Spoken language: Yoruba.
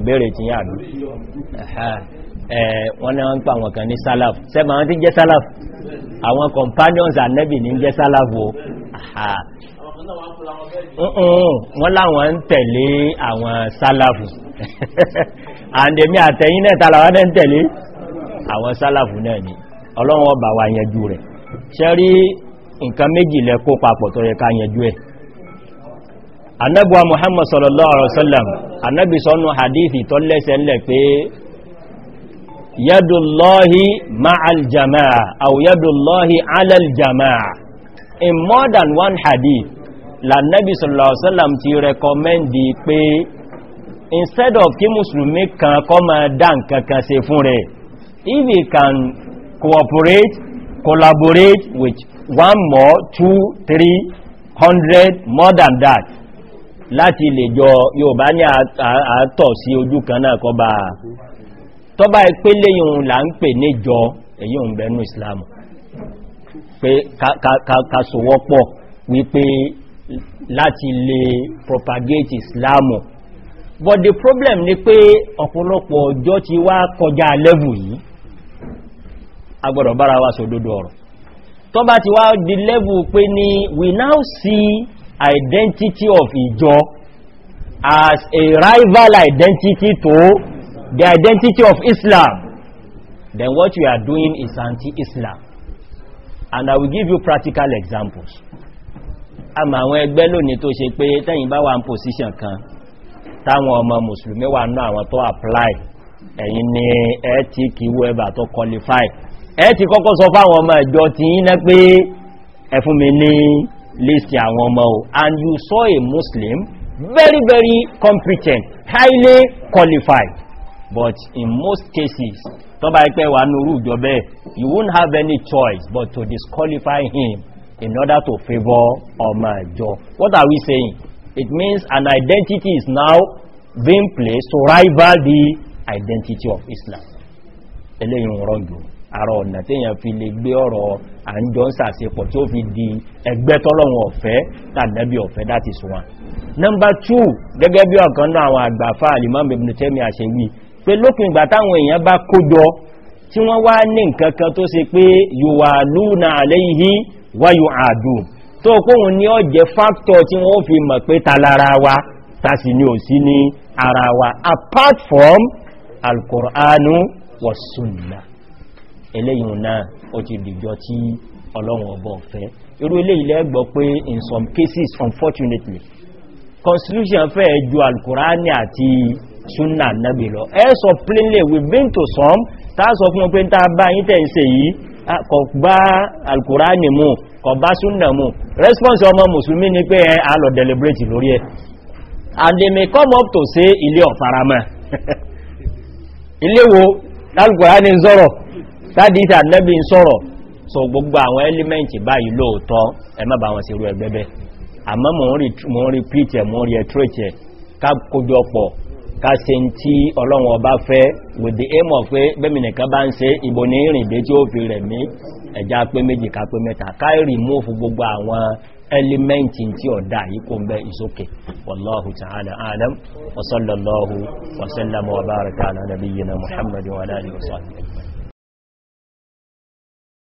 ìbéèrè ti yà bí wọ́n ní wọ́n ń pa àwọn kan ní salaf sẹ́mà wọ́n ti jẹ́ salaf àwọn companions anẹ́bì ní jẹ́ salaf o wọ́n láwọn ń tẹ̀lé àwọn salaf àndèmí àtẹ̀yìn náà tàlàwà náà ń tẹ̀lé àwọn salaf náà ni ọlọ́run ọba wa yẹjú rẹ̀ ṣẹ́rí nǹkan méjì lẹ́kó papọ̀ tó yẹ ká yẹjú ẹ̀ annabuwa muhammad sallallahu alaihi wasallam annabi sọ́nù hadithi tó lẹ́sẹ̀ lẹ́ pé yadullahi ma'al jama'a au yadullahi alal jama'a in more than one hadith lannabi sallallahu alaihi wasallam ti rẹkọmẹ́ndì pé instead of kí musulmi kan kọ́ ma dá nkankan se fún rẹ̀ if he can cooperate collaborate with one more two three hundred more than that láti lè jọ yóòbá ní àátọ̀ sí ojú kan náà kọ bá tọ́bá pé léyìn òun là ń pè ní jọ èyí òun bẹ̀ẹ́nú islamu pé kàṣòwọ́pọ̀ wípé láti lè propagate ìsìlámù. but the problem ni pé ọ̀pọ̀lọpọ̀ ọjọ́ ti wá kọjá lẹ́vù yìí agbọ́dọ̀ bára wá sódódó ọ̀rọ̀ tọ́bá ti wá di lẹ́vù pé ni we now see identity of ìjọ as a rival identity to the identity of Islam, then what you are doing is anti-Islam. And I will give you practical examples. Àmà àwọn ẹgbẹ́ lónìí tó ṣe pé tẹ́yìn bá wà ń position kan táwọn ọmọ Mùsùlùmí wà náà àwọn tó apply ẹ̀yìn ni ẹ ti kí wẹ́bà tó qualify. Ẹ ti kọ́kọ́ sọ fáwọn ọmọ ìjọ ti yí ná pé ẹfún mi ní list àwọn ọmọ o and you saw a muslim very very competent highly qualified but in most cases tó bá ipẹ́ wà ní orú ìjọ you won't have any choice but to disqualify him in order to favour ọmọ ìjọ what are we saying it means an identity is now being placed to rival the identity of islam eléyìn rọ́gbọ̀n àrà ọ̀nà tí èyàn fi lè gbé ọ̀rọ̀ àjọ ń sàṣepọ̀ tí ó fi di ẹgbẹ́ tọ́lọ̀wọ̀n ọ̀fẹ́ tàbí ọ̀fẹ́ láti sùnwà. nọmbà 2 gẹ́gẹ́ bí ọ̀kan náà àwọn àgbàfà alimọ́bìnrin àṣẹ wí pé lópin ìgbà táwọn èèyàn bá kójọ tí wọ́n wá ní nǹkan kan tó se pé yòwà lúnà àlẹ́yìí wáyò àdùn tó wa tàṣì eléyìn náà ó ti dìjọ tí ọlọ́run ọbọ̀ fẹ́ irú ilé ilẹ̀ gbọ́ pé in some cases unfortunately constitution fẹ́ ju alkùránì àti sunna nabi lọ ẹ sọ plainly we've been to some tá sọ fún pé tá bá yí tẹ́ ń se yìí kọ bá alkùránì mú kọ bá sunna mú response ọmọ musulmi ni pé ẹ alọ deliberate lórí ẹ and they may come up to say ilé ọ̀faramẹ́ ilé wo alkùránì ń sọ́rọ̀ sádìísà nẹ́bí ń sọ̀rọ̀ so gbogbo àwọn ẹlímẹ́ǹtì báyìí lóòótọ́ ẹmọ́ bá wọn sí irú ẹgbẹ́bẹ́ àmọ́ mò ń rí pìtẹ̀ mò ń rí ẹ̀tírẹ̀tẹ̀ ká kójọpọ̀ ká se ń tí ọlọ́run ọba fẹ́ with the aim of pé bẹ́mìnìkan bá ń se ìbò ní ìrìndé tí ó fi rẹ̀ mí ẹ̀já pé méjì ká pé mẹ́ta ká remove gbogbo àwọn ẹlímẹ́ǹtì tí ọ̀dá yìí kó ń bẹ́ ìsókè wàláhù tààlà adam wasallallahu wasallamu wa baraka ala nabiyyina muhammadin wa alihi wa sahbihi